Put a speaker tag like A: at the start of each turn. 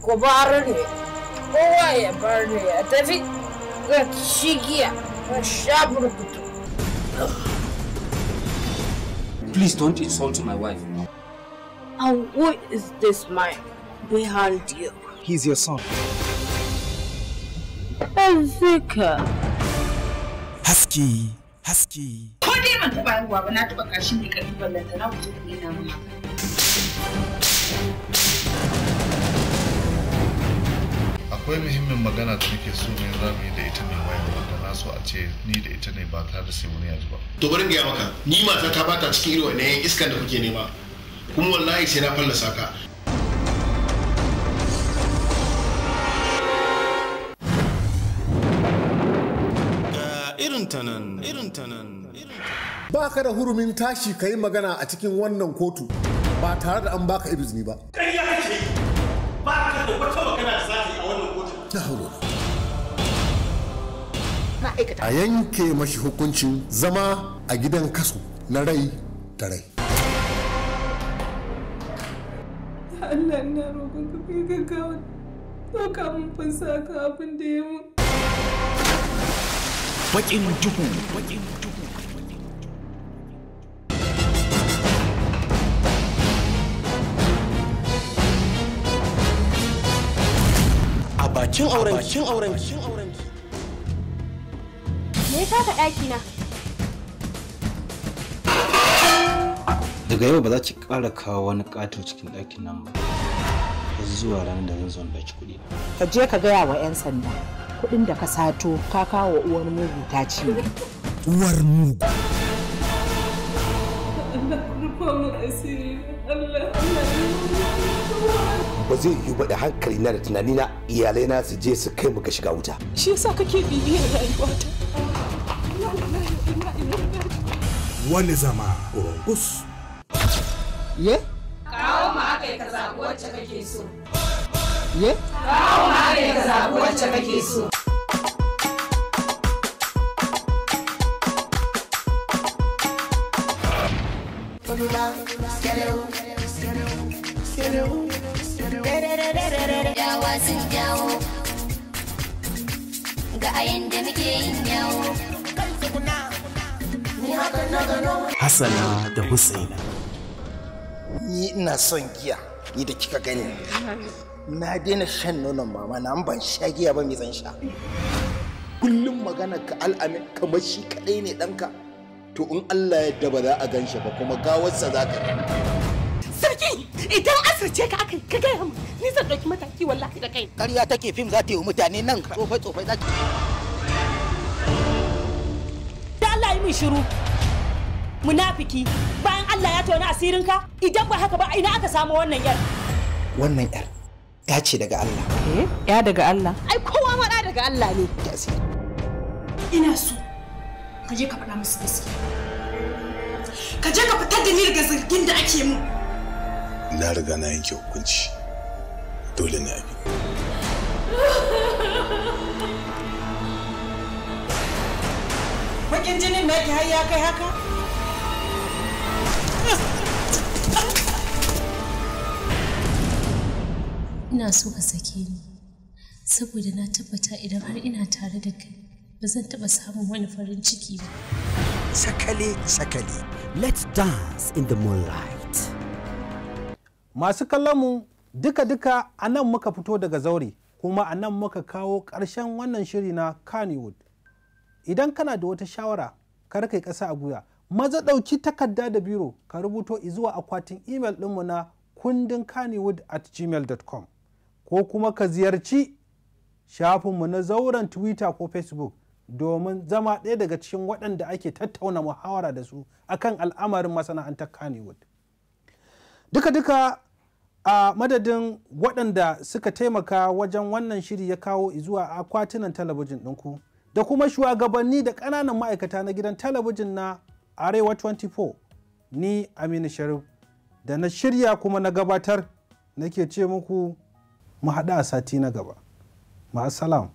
A: Please don't insult my wife. And who is this man behind you? He's your son. Ezekiel. Husky, husky. Ko dai ban na kashin ballanta na ku haka. akwai muhimmin magana da nake so ne za mu yi da ita ne wayan wanda na so a ce ni da ita ne ba ta da sai wani yaji ba to bari gaya maka ni mata ta bata cikin irin wannan iskan da kuke nema kuma wallahi sai na fallasa ka irin tanan irin tanan ba ka da hurumin tashi ka yi magana a cikin wannan kotu ba tare da an baka izini ba ƙarya kake ba ka da wata a yanke mashi hukuncin zama a gidan kasu na rai ta rai Allah na roƙon ka fi gaggawa ɗauka mun fansa ka abin da ya mun. Baƙin duhu, baƙin duhu. bakin auren bakin auren bakin auren me ya ka daki na daga yau ba za ki ƙara kawo wani ƙato cikin ɗakin nan ba har zuwa ranar da zan zo ki kuɗi ka je ka gaya wa 'yan sanda kuɗin da ka sato ka kawo uwar mugu ta ci uwar mugu ba zai yiwu ba da hankali na da tunani na iyalai na su je su kai mu ga shiga wuta shi yasa kake bibiyar rayuwata wani zama urungus ye kawo ma aka yi ka zaɓi wacce kake so ye
B: kawo ma aka yi ka zaɓi wacce kake so
A: Yawa sun da muke yin Hassana da Hussaina. Ni ina son giya, ni da kika gani. Na daina shan nonon mama na ban sha giya ba mai zan sha. Kullum magana ka al'amin kamar shi kaɗai ne ɗanka. to in Allah ya ba za a gan shi ba kuma gawarsa za ka yi. sarki idan asirce ka aka ka gaya mu ni zan ɗauki mataki wallahi da kai ƙarya take fim za ta yi mutane nan tsofai tsofai za ta da Allah yi min shiru munafiki bayan Allah ya tona asirinka idan ba haka ba ina aka samu wannan yar wannan yar ya ce daga Allah Eh, ya daga Allah ai kowa ma daga Allah ne ina so ka je ka faɗa musu gaskiya ka je ka fitar da ni daga zargin da ake min na riga na yanke hukunci dole ne abi bakin jinin na yake har ya kai haka ina so ka sake ni saboda na tabbata idan har ina tare da kai ba zan taɓa samun wani farin ciki ba. Sakale, sakale, let's dance in the moonlight. Masu mu duka-duka a nan muka fito daga zaure, kuma a nan muka kawo ƙarshen wannan shiri na Kannywood. Idan kana da wata shawara, kar kai ƙasa a guya, maza ɗauki takarda da biro ka rubuto zuwa akwatin email ɗinmu na kundin kannywood at gmail.com ko kuma ka ziyarci shafinmu na zauren Twitter ko Facebook domin zama ɗaya daga cikin waɗanda ake tattauna muhawara da su akan al'amarin masana'antar kanewood duka-duka a madadin waɗanda suka taimaka wajen wannan shiri ya kawo zuwa akwatunan talabijin ɗinku da kuma shugabanni da ƙananan ma'aikata na gidan talabijin na arewa 24 ni aminu sharif da na shirya kuma na gabatar nake ce muku mu haɗu a sati na gaba ma'asalam.